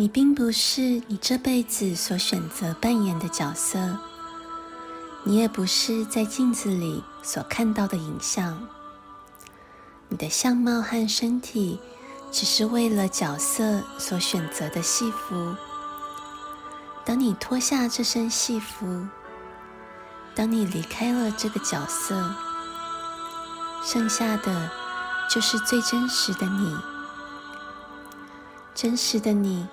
你並不是你這輩子所選擇扮演的角色，你也不是在鏡子裡所看到的影像。你的相貌和身體只是為了角色所選擇的戲服。當你脫下這身戲服，當你離開了這個角色，剩下的就是最真實的你，真實的你。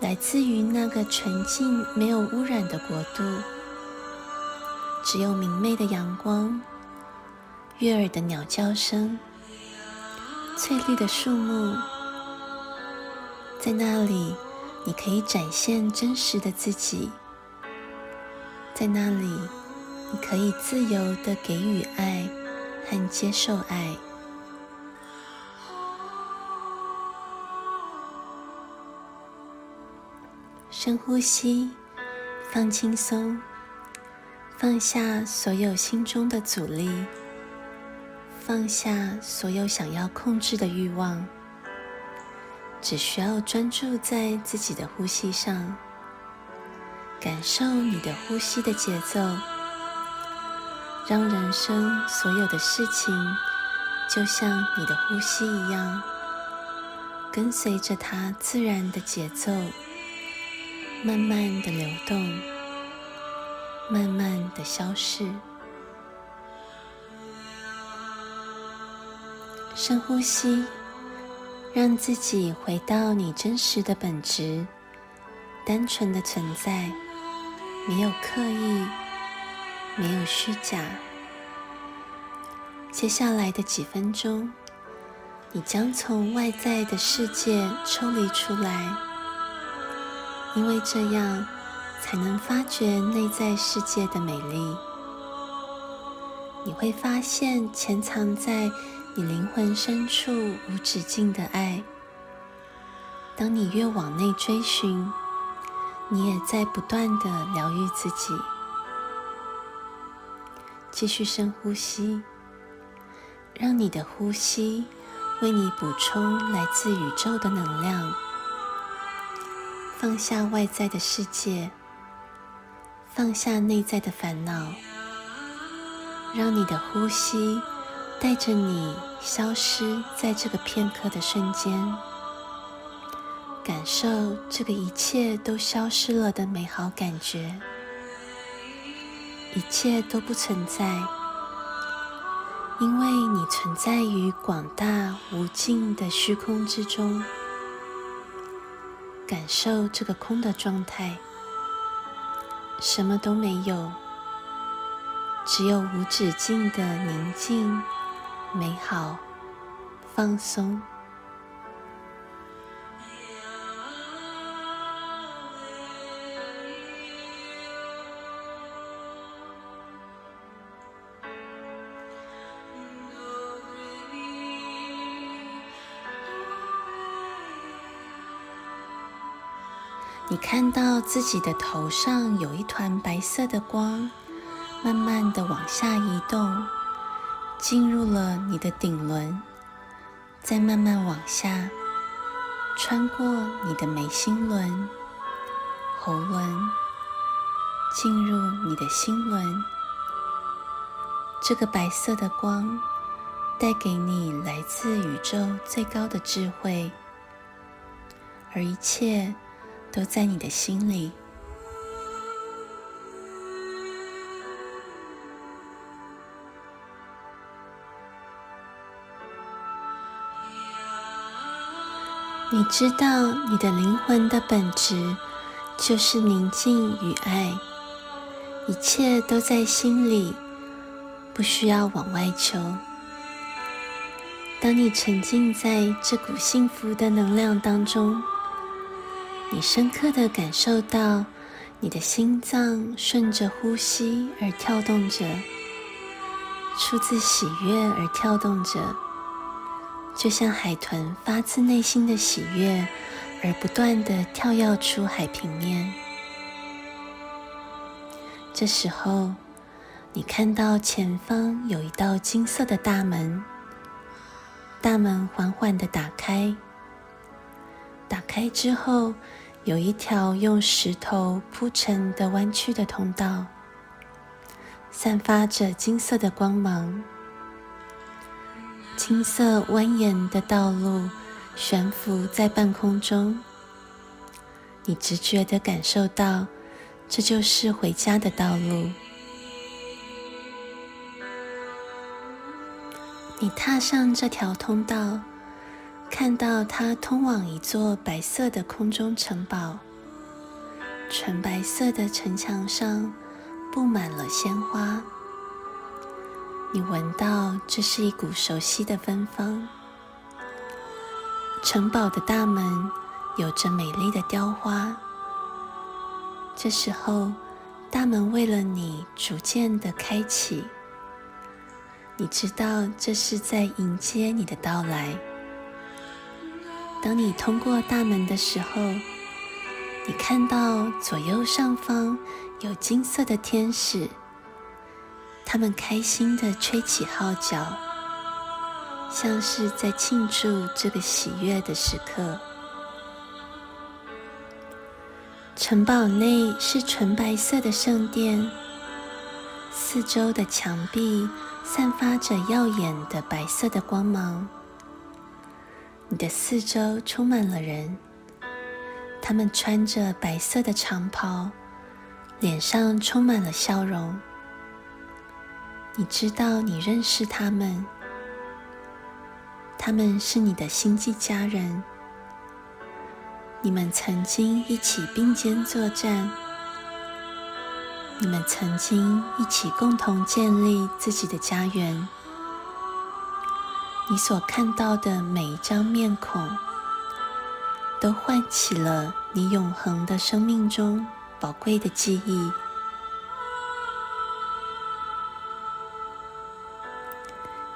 來自於那個純淨、沒有污染的國度，只有明媚的陽光、悅耳的鳥叫聲、翠綠的樹木。在那裡，你可以展現真實的自己；在那裡，你可以自由的給予愛和接受愛。深呼吸，放輕鬆，放下所有心中的阻力，放下所有想要控制的慾望，只需要專注在自己的呼吸上，感受你的呼吸的節奏，讓人生所有的事情就像你的呼吸一樣，跟隨着它自然的節奏。慢慢的流動，慢慢的消逝。深呼吸，讓自己回到你真實的本質，單純的存在，沒有刻意，沒有虛假。接下來的幾分鐘，你將從外在的世界抽離出來。因為這樣，才能發掘內在世界的美麗。你會發現潛藏在你靈魂深處無止境的愛。當你越往內追尋，你也在不斷的療癒自己。繼續深呼吸，讓你的呼吸為你補充來自宇宙的能量。放下外在的世界，放下內在的煩惱，讓你的呼吸帶着你消失在這個片刻的瞬間，感受這個一切都消失了的美好感覺。一切都不存在，因為你存在於廣大無盡的虛空之中。感受這個空的狀態，什麼都沒有，只有無止境的寧靜、美好、放鬆。你看到自己的頭上有一團白色的光，慢慢地往下移動，進入了你的頂輪，再慢慢往下，穿過你的眉心輪、喉輪，進入你的心輪。這個白色的光帶給你來自宇宙最高的智慧，而一切，都在你的心裡。你知道，你的靈魂的本質就是寧靜與愛，一切都在心裡，不需要往外求。當你沉浸在這股幸福的能量當中。你深刻的感受到，你的心臟順着呼吸而跳動着，出自喜悅而跳動着，就像海豚發自內心的喜悅而不斷的跳躍出海平面。這時候，你看到前方有一道金色的大門，大門緩緩的打開。打開之後，有一條用石頭鋪成的彎曲的通道，散發着金色的光芒。金色蜿蜒的道路懸浮在半空中，你直覺地感受到，這就是回家的道路。你踏上這條通道。看到它通往一座白色的空中城堡，純白色的城牆上布滿了鮮花。你聞到這是一股熟悉的芬芳。城堡的大門有着美麗的雕花。這時候，大門為了你逐漸的開啟。你知道這是在迎接你的到來。當你通過大門的時候，你看到左右上方有金色的天使，他們開心地吹起號角，像是在慶祝這個喜悅的時刻。城堡內是純白色的聖殿，四周的牆壁散發着耀眼的白色的光芒。你的四周充滿了人，他們穿着白色的長袍，臉上充滿了笑容。你知道，你認識他們，他們是你的星際家人。你們曾經一起並肩作戰，你們曾經一起共同建立自己的家園。你所看到的每一張面孔，都喚起了你永恆的生命中寶貴的記憶。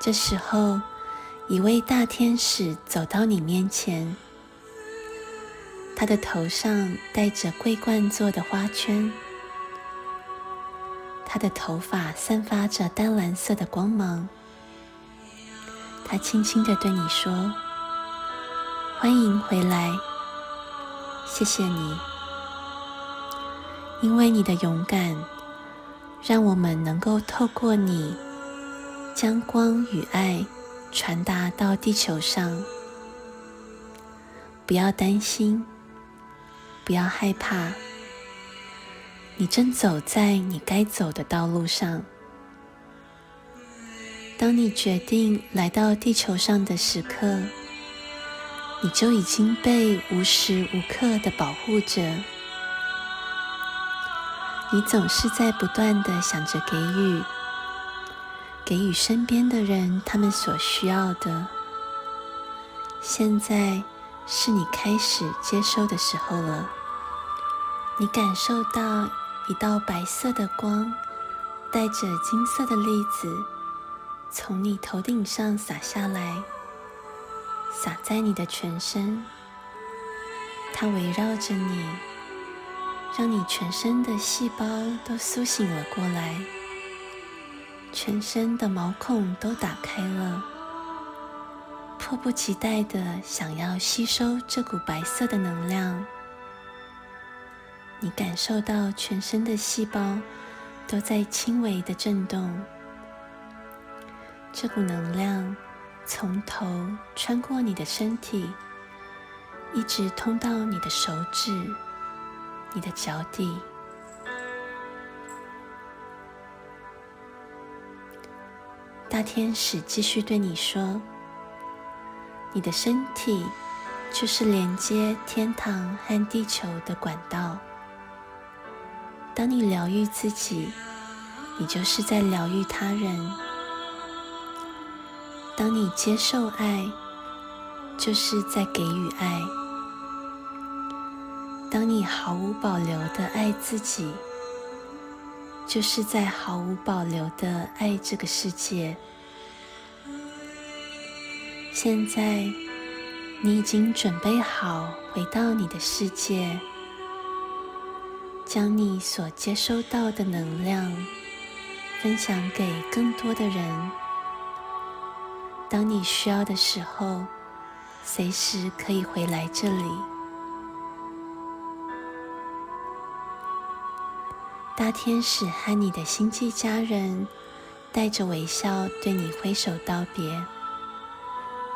這時候，一位大天使走到你面前，他的頭上戴着桂冠做的花圈，他的頭髮散發着淡藍色的光芒。他輕輕地對你說：“歡迎回來，謝謝你，因為你的勇敢，讓我們能夠透過你，將光與愛傳達到地球上。不要擔心，不要害怕，你正走在你該走的道路上。”當你決定來到地球上的時刻，你就已經被無時無刻的保護着。你總是在不斷的想着給予，給予身邊的人他們所需要的。現在是你開始接收的時候了。你感受到一道白色的光，帶着金色的粒子。從你頭頂上灑下來，灑在你的全身。它圍繞着你，讓你全身的細胞都甦醒了過來，全身的毛孔都打開了，迫不及待的想要吸收這股白色的能量。你感受到全身的細胞都在輕微的震動。這股能量從頭穿過你的身體，一直通到你的手指、你的腳底。大天使繼續對你說：“你的身體就是連接天堂和地球的管道。當你療癒自己，你就是在療癒他人。”當你接受愛，就是在給予愛；當你毫無保留的愛自己，就是在毫無保留的愛這個世界。現在，你已經準備好回到你的世界，將你所接收到的能量分享給更多的人。當你需要的時候，隨時可以回來這裡。大天使和你的星際家人帶着微笑對你揮手道別，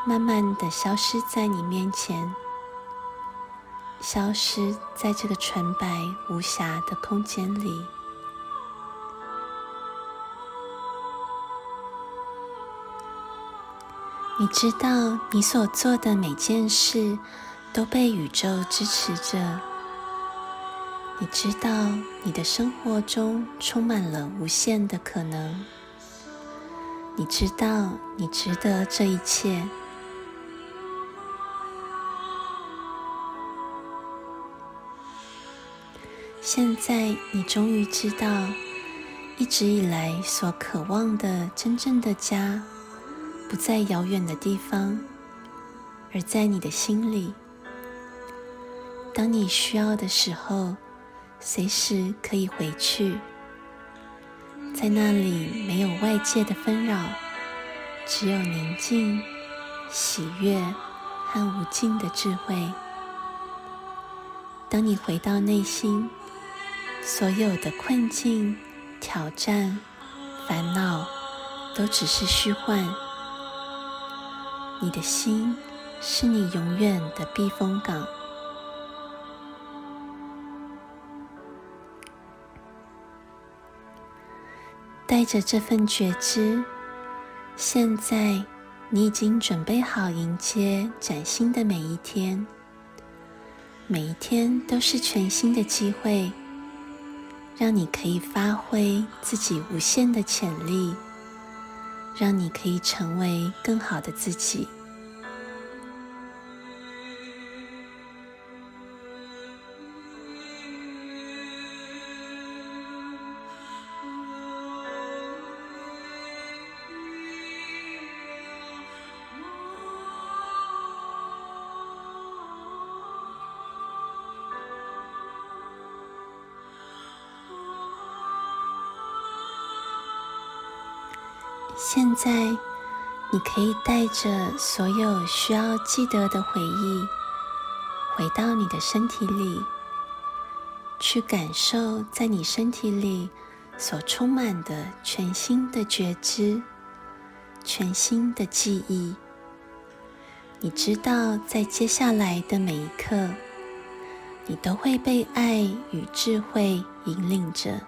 慢慢的消失在你面前，消失在這個純白無瑕的空間裡。你知道你所做的每件事都被宇宙支持着。你知道你的生活中充滿了無限的可能。你知道你值得這一切。現在你終於知道一直以來所渴望的真正的家。不在遙遠的地方，而在你的心裡。當你需要的時候，隨時可以回去。在那裡沒有外界的紛擾，只有寧靜、喜悅和無盡的智慧。當你回到內心，所有的困境、挑戰、煩惱都只是虛幻。你的心是你永遠的避風港。帶着這份覺知，現在你已經準備好迎接嶄新的每一天。每一天都是全新的機會，讓你可以發揮自己無限的潛力。讓你可以成為更好的自己。現在，你可以帶着所有需要記得的回憶，回到你的身體裡，去感受在你身體裡所充滿的全新的覺知、全新的記憶。你知道，在接下來的每一刻，你都會被愛與智慧引領着。